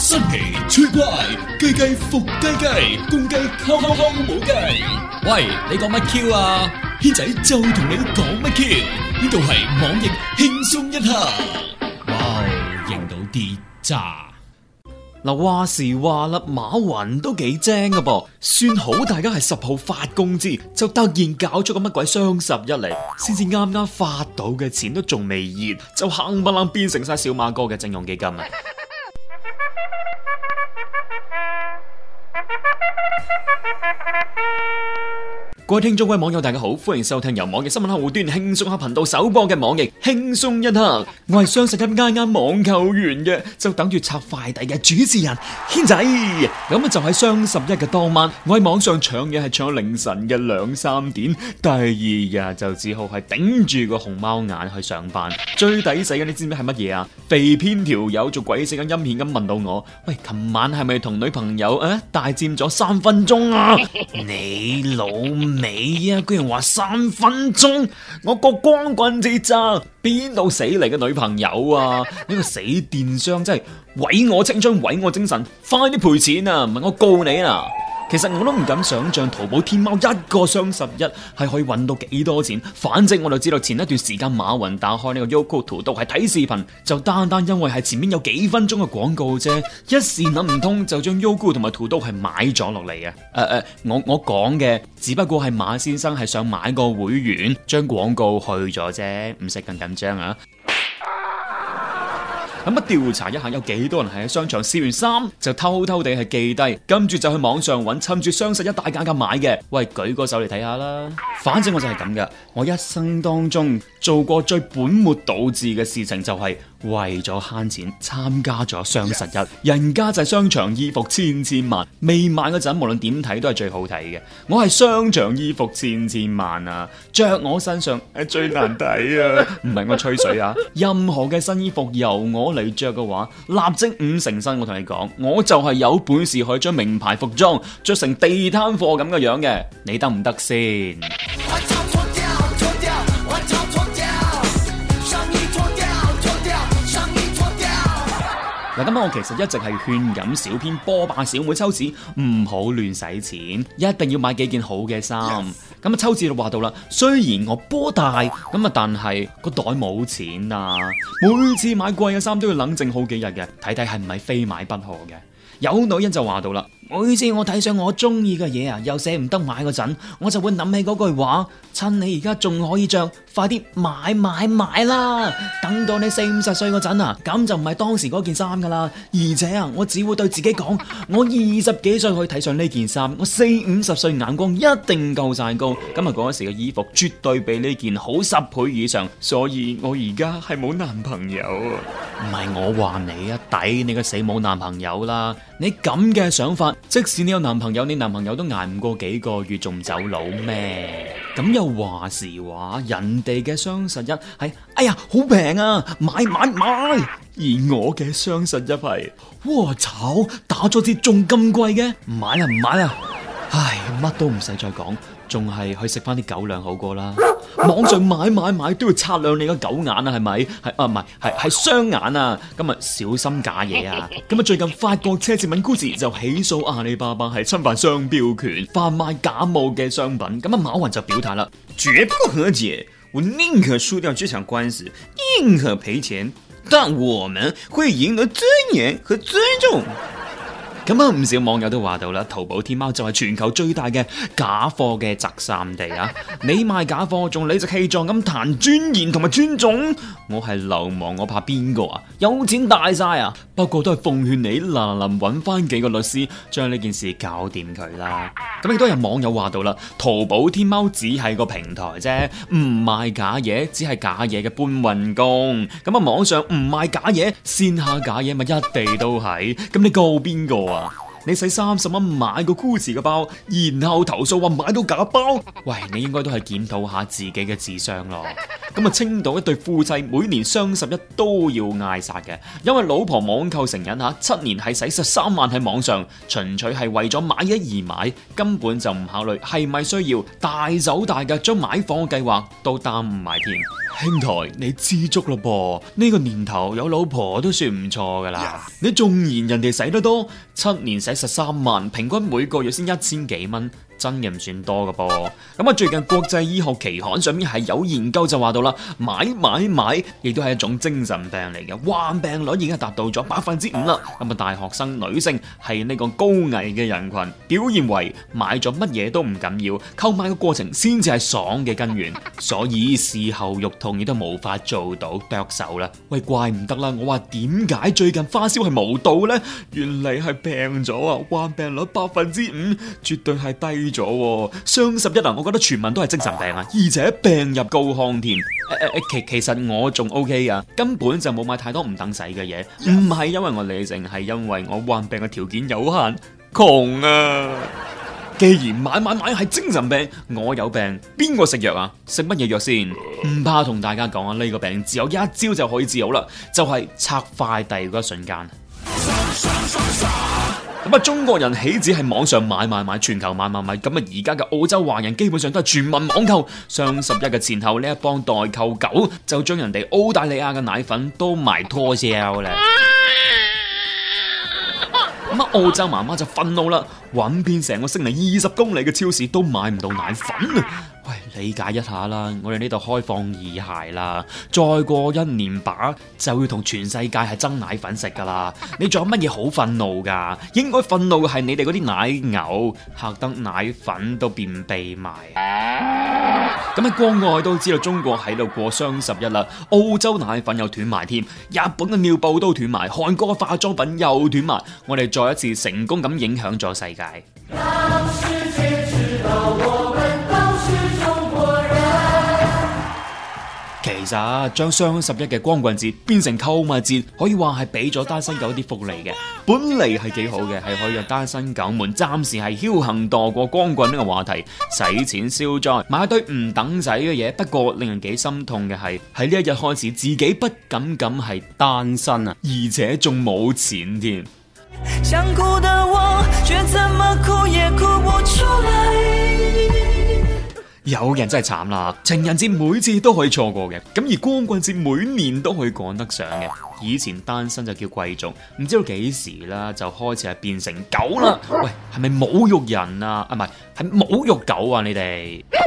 新奇出怪，雞雞伏雞雞，公雞敲敲敲冇雞。喂，你講乜 Q 啊？軒仔就同你講乜 Q？呢度係網易輕鬆一刻。Wow, 一哇，認到啲咋。嗱，話時話啦，馬雲都幾精㗎噃、啊，算好大家係十號發工資，就突然搞咗個乜鬼雙十一嚟，先至啱啱發到嘅錢都仲未熱，就冚唪唥變成晒小馬哥嘅徵用基金啊！各位聽眾、各位網友，大家好，歡迎收聽由網易新聞客戶端輕鬆客頻道首播嘅網易輕鬆一刻。我係雙十一啱啱網購完嘅，就等住拆快遞嘅主持人軒仔。咁啊，就喺雙十一嘅當晚，我喺網上搶嘢係搶到凌晨嘅兩三點。第二日就只好係頂住個熊貓眼去上班。最抵死嘅你知唔知係乜嘢啊？被偏條友做鬼死咁陰險咁問到我，喂，琴晚係咪同女朋友誒、啊、大戰咗三分鐘啊？你老～你呀、啊，居然話三分鐘，我個光棍節咋、啊？邊度死嚟嘅女朋友啊？呢個死電商真係毀我青春，毀我精神，快啲賠錢啊！唔係我告你啊！其實我都唔敢想象淘寶天貓一個雙十一係可以揾到幾多錢，反正我就知道前一段時間馬雲打開呢個 YouTube、淘豆係睇視頻，就單單因為係前面有幾分鐘嘅廣告啫，一時諗唔通就將 YouTube 同埋淘豆係買咗落嚟啊！誒、呃、誒、呃，我我講嘅只不過係馬先生係想買個會員，將廣告去咗啫，唔使咁緊張啊！有乜調查一下？有幾多人係喺商場試完衫就偷偷地係記低，跟住就去網上揾，趁住雙十一大減價買嘅？喂，舉個手嚟睇下啦！反正我就係咁嘅，我一生當中，做過最本末倒置嘅事情就係為咗慳錢參加咗雙十一，Yes. 人家就係商場衣服千千萬，未買嗰陣無論點睇都係最好睇嘅。我係商場衣服千千萬啊，着我身上最難睇啊，唔係 我吹水啊。任何嘅新衣服由我嚟着嘅話，立即五成新。我同你講，我就係有本事可以將名牌服裝着成地攤貨咁嘅樣嘅，你得唔得先？咁啊！我其實一直係勸緊小編波霸小妹秋子唔好亂使錢，一定要買幾件好嘅衫。咁啊，秋子就話到啦。雖然我波大，咁啊，但係個袋冇錢啊。每次買貴嘅衫都要冷靜好幾日嘅，睇睇係唔係非買不可嘅。有女人就話到啦。每次我睇上我中意嘅嘢啊，又捨唔得買嗰陣，我就會諗起嗰句話：趁你而家仲可以着，快啲買買買啦！等到你四五十歲嗰陣啊，咁就唔係當時嗰件衫噶啦。而且啊，我只會對自己講：我二十幾歲可以睇上呢件衫，我四五十歲眼光一定夠晒高。今日嗰時嘅衣服絕對比呢件好十倍以上。所以我而家係冇男朋友啊！唔係我話你啊，抵你個死冇男朋友啦！你咁嘅想法。即使你有男朋友，你男朋友都挨唔過幾個月，仲走佬咩？咁又話時話，人哋嘅雙十一係，哎呀，好平啊，買買買！而我嘅雙十一係，我操，打咗啲仲咁貴嘅，唔買啊，唔買啊！唉，乜都唔使再講。仲係去食翻啲狗糧好過啦！網上買買買，買都要擦亮你個狗眼啊，係咪？係啊，唔係係係雙眼啊！今日小心假嘢啊！咁啊，最近法國奢侈品 g u c 就起訴阿里巴巴係侵犯商標權、販賣假冒嘅商品。咁啊，馬雲就表態啦：絕不和解，我寧可輸掉這場官司，寧可賠錢，但我們會贏得尊嚴和尊重。咁啊，唔少網友都話到啦，淘寶、天貓就係全球最大嘅假貨嘅集散地啊！你賣假貨，仲理直氣壯咁談尊嚴同埋尊重？我係流氓，我怕邊個啊？有錢大晒啊！不過都係奉勸你，嗱嗱臨揾翻幾個律師，將呢件事搞掂佢啦。咁亦都有網友話到啦，淘寶、天貓只係個平台啫，唔賣假嘢，只係假嘢嘅搬運工。咁啊，網上唔賣假嘢，線下假嘢咪一地都係。咁你告邊個啊？你使三十蚊買個 GUCCI 嘅包，然後投訴話買到假包，喂，你應該都係檢討下自己嘅智商咯。咁啊，青島一對夫妻每年雙十一都要嗌殺嘅，因為老婆網購成癮吓，七年係使十三萬喺網上，純粹係為咗買一而買，根本就唔考慮係咪需要，大手大腳將買房嘅計劃都耽誤埋添。兄台，你知足咯噃，呢、這個年頭有老婆都算唔錯噶啦。Yeah. 你仲嫌人哋使得多？七年使十三萬，平均每個月先一千幾蚊。真嘅唔算多嘅噃，咁啊最近國際醫學期刊上面係有研究就話到啦，買買買亦都係一種精神病嚟嘅，患病率已經達到咗百分之五啦。咁啊，大學生女性係呢個高危嘅人群，表現為買咗乜嘢都唔緊要，購買嘅過程先至係爽嘅根源，所以事後肉痛亦都無法做到剁手啦。喂，怪唔得啦，我話點解最近花銷係無度咧？原嚟係病咗啊，患病率百分之五，絕對係低。咗雙、啊、十一啊，我覺得全民都係精神病啊，而且病入膏肓添。誒、啊、誒、啊，其其實我仲 O K 噶，根本就冇買太多唔等使嘅嘢，唔係因為我理性，係因為我患病嘅條件有限，窮啊！ 既然買買買係精神病，我有病，邊個食藥啊？食乜嘢藥先？唔怕同大家講啊，呢、這個病只有一招就可以治好啦，就係、是、拆快遞嗰一瞬間。咁啊，中國人豈止係網上買買買，全球買買買。咁啊，而家嘅澳洲華人基本上都係全民網購。雙十一嘅前後，呢一幫代購狗就將人哋澳大利亞嘅奶粉都賣脫銷咧。咁啊，澳洲媽媽就憤怒啦，揾遍成個悉尼二十公里嘅超市都買唔到奶粉啊！理解一下啦，我哋呢度開放二孩啦，再過一年把就要同全世界係爭奶粉食噶啦，你仲有乜嘢好憤怒噶？應該憤怒嘅係你哋嗰啲奶牛，嚇得奶粉都便秘埋。咁、嗯、喺國外都知道中國喺度過雙十一啦，澳洲奶粉又斷埋添，日本嘅尿布都斷埋，韓國嘅化妝品又斷埋。我哋再一次成功咁影響咗世界。嗯將雙十一嘅光棍節變成購物節，可以話係俾咗單身狗啲福利嘅。本嚟係幾好嘅，係可以讓單身狗們暫時係僥倖度過光棍呢個話題，使錢消災，買一堆唔等仔嘅嘢。不過令人幾心痛嘅係，喺呢一日開始，自己不僅僅係單身啊，而且仲冇錢添。想哭的我卻怎麼哭，也哭不出來有人真係慘啦，情人節每次都可以錯過嘅，咁而光棍節每年都可以趕得上嘅。以前單身就叫貴族，唔知道幾時啦，就開始係變成狗啦。喂，係咪侮辱人啊？啊，唔係，係侮辱狗啊！你哋。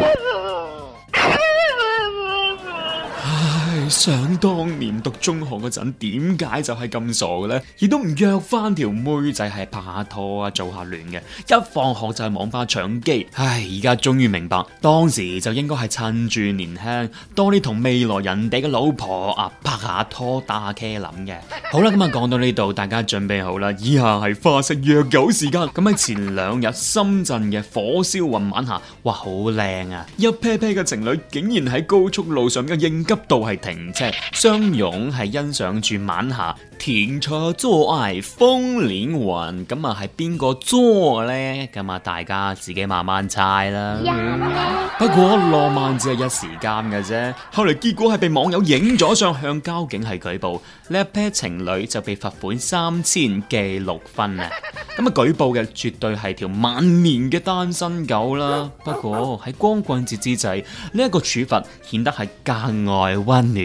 想當年讀中學嗰陣，點解就係咁傻嘅咧？亦都唔約翻條妹仔係拍下拖啊，做下戀嘅，一放學就去網吧搶機。唉，而家終於明白，當時就應該係趁住年輕，多啲同未來人哋嘅老婆啊拍下拖、打下茄諗嘅。 好啦，咁啊講到呢度，大家準備好啦，以下係花式約狗時間。咁喺前兩日深圳嘅火燒雲晚下，哇，好靚啊！一 p a 嘅情侶竟然喺高速路上嘅應急度係停。即係相擁係欣賞住晚霞，田錯作愛風戀雲，咁啊係邊個作咧？咁啊大家自己慢慢猜啦。嗯、 不過浪漫只係一時間嘅啫，後嚟，結果係被網友影咗相向交警係舉報，呢一 pair 情侶就被罰款三千記六分啊。咁啊舉報嘅絕對係條萬年嘅單身狗啦。 不過喺光棍節之際，呢、這、一個處罰顯得係格外温暖。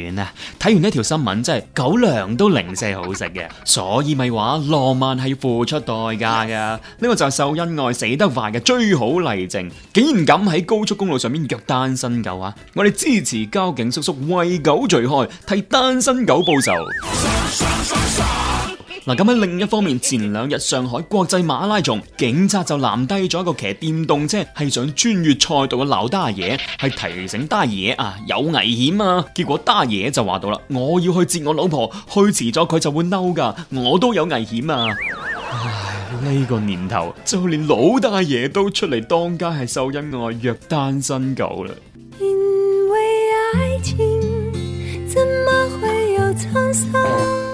睇完呢條新聞，真係狗糧都零舍好食嘅，所以咪話浪漫係要付出代價噶。呢、這個就係秀恩愛死得快嘅最好例證。竟然敢喺高速公路上面虐單身狗啊！我哋支持交警叔叔為狗除害，替單身狗報仇。嗱，咁喺、啊、另一方面，前兩日上海國際馬拉松，警察就攔低咗一個騎電動車係想穿越賽道嘅老大爺，係提醒大爺啊有危險啊！結果大爺就話到啦：我要去接我老婆，去遲咗佢就會嬲噶，我都有危險啊！唉，呢、這個年頭就連老大爺都出嚟當街係秀恩愛，虐單身狗啦。因為愛情，怎麼會有滄桑？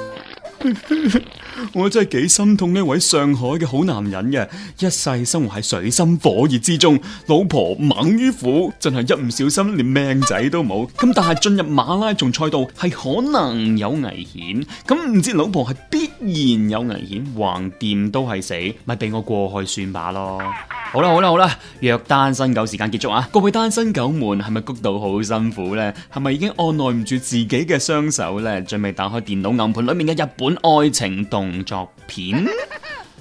我真係幾心痛呢位上海嘅好男人嘅，一世生，生活喺水深火熱之中，老婆猛於虎，真係一唔小心連命仔都冇。咁但係進入馬拉松賽道係可能有危險，咁唔知老婆係必然有危險，橫掂都係死，咪俾我過去算吧咯。好啦好啦好啦，虐單身狗時間結束啊，各位單身狗們係咪谷到好辛苦呢？係咪已經按捺唔住自己嘅雙手呢？準備打開電腦硬盤裏面嘅日本愛情動。動作片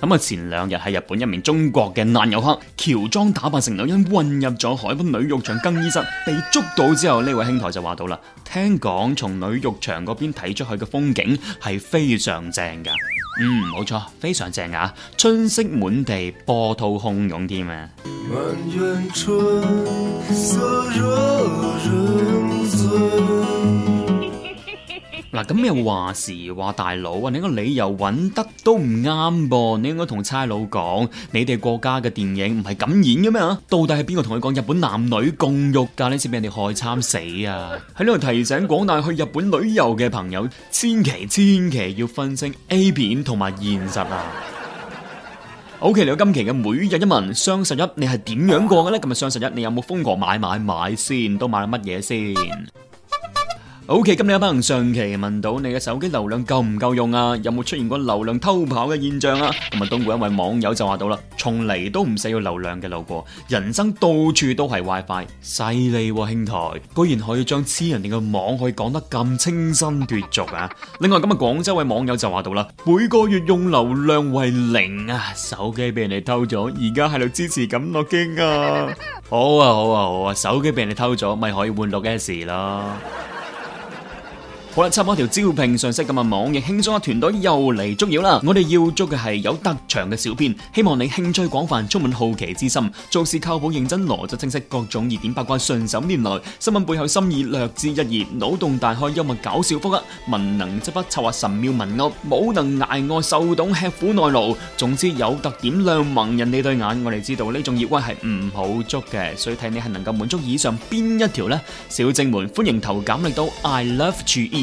咁啊！ 前兩日喺日本一名中國嘅男遊客喬裝打扮成女人混入咗海濱女浴場更衣室，被捉到之後，呢位兄台就話到啦，聽講從女浴場嗰邊睇出去嘅風景係非常正噶。嗯，冇錯，非常正噶，啊，春色滿地，波濤洶湧添啊！滿園春色惹人醉嗱，咁又話時話，大佬啊，你個理由搵得都唔啱噃，你應該同差佬講，你哋國家嘅電影唔係咁演嘅咩啊？到底係邊個同佢講日本男女共浴噶？呢次俾人哋害慘死啊！喺呢度提醒廣大去日本旅遊嘅朋友，千祈千祈要分清 A 片同埋現實啊！OK，嚟到今期嘅每日一問，雙十一你係點樣過嘅呢？今日雙十一你有冇瘋狂買買買先？都買咗乜嘢先？O K，今日有朋友上期問到你嘅手機流量夠唔夠用啊？有冇出現過流量偷跑嘅現象啊？咁啊，東莞一位網友就話到啦，從嚟都唔使要流量嘅路過，人生到處都係 WiFi，犀利喎，兄台，居然可以將黐人哋嘅網可以講得咁清新脫俗啊！另外，咁啊，廣州位網友就話到啦，每個月用流量為零啊，手機俾人哋偷咗，而家喺度支持咁落驚啊！好啊，好啊，好啊，手機俾人哋偷咗，咪可以換六 S 咯。我哋插埋條招聘信息咁嘅網易輕鬆嘅團隊又嚟捉妖啦！我哋要捉嘅係有特長嘅小編，希望你興趣廣泛，充滿好奇之心，做事靠譜認真，邏輯清晰，各種熱點八卦信手拈來，新聞背後深意略知一二，腦洞大開，幽默搞笑腹黑，文能執筆湊下神妙文案，武能挨餓受凍吃苦耐勞，總之有特點亮盲人哋對眼。我哋知道呢種業位係唔好捉嘅，所以睇你係能夠滿足以上邊一條呢，小正門歡迎投簡歷到 I Love G E。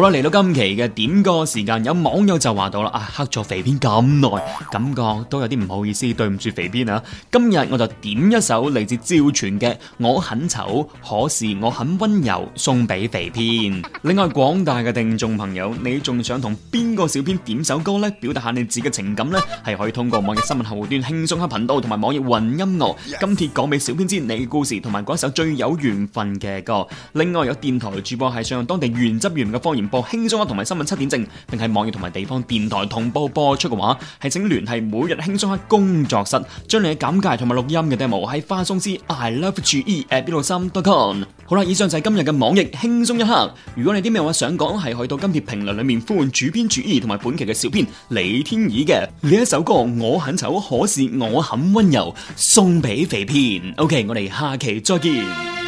好啦，嚟到今期嘅點歌時間，有網友就話到啦，啊，黑咗肥編咁耐，感覺都有啲唔好意思，對唔住肥編啊！今日我就點一首嚟自趙傳嘅《我很醜，可是我很溫柔》送，送俾肥編。 另外，廣大嘅聽眾朋友，你仲想同邊個小編點首歌呢？表達下你自己嘅情感呢？係可以通過網頁新聞客戶端、輕鬆黑頻道同埋網頁雲音樂，今次講俾小編知你嘅故事，同埋嗰首最有緣分嘅歌。另外，有電台主播係使用當地原汁原味嘅方言。播輕鬆一刻同埋新聞七點正，並係網易同埋地方電台同步播出嘅話，係請聯繫每日輕鬆一刻工作室，將你嘅簡介同埋錄音嘅 demo 喺花鬆枝 i love 注意 at b i l u dot com。好啦，以上就係今日嘅網易輕鬆一刻。如果你啲咩話想講，係去到今期評論裏面呼喚主編注意同埋本期嘅小編李天意嘅呢一首歌，我很醜，可是我很溫柔，送俾肥片。OK，我哋下期再見。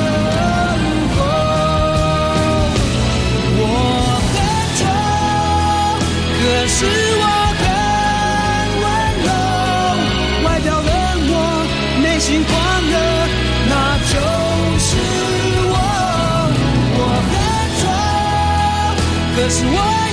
可是我。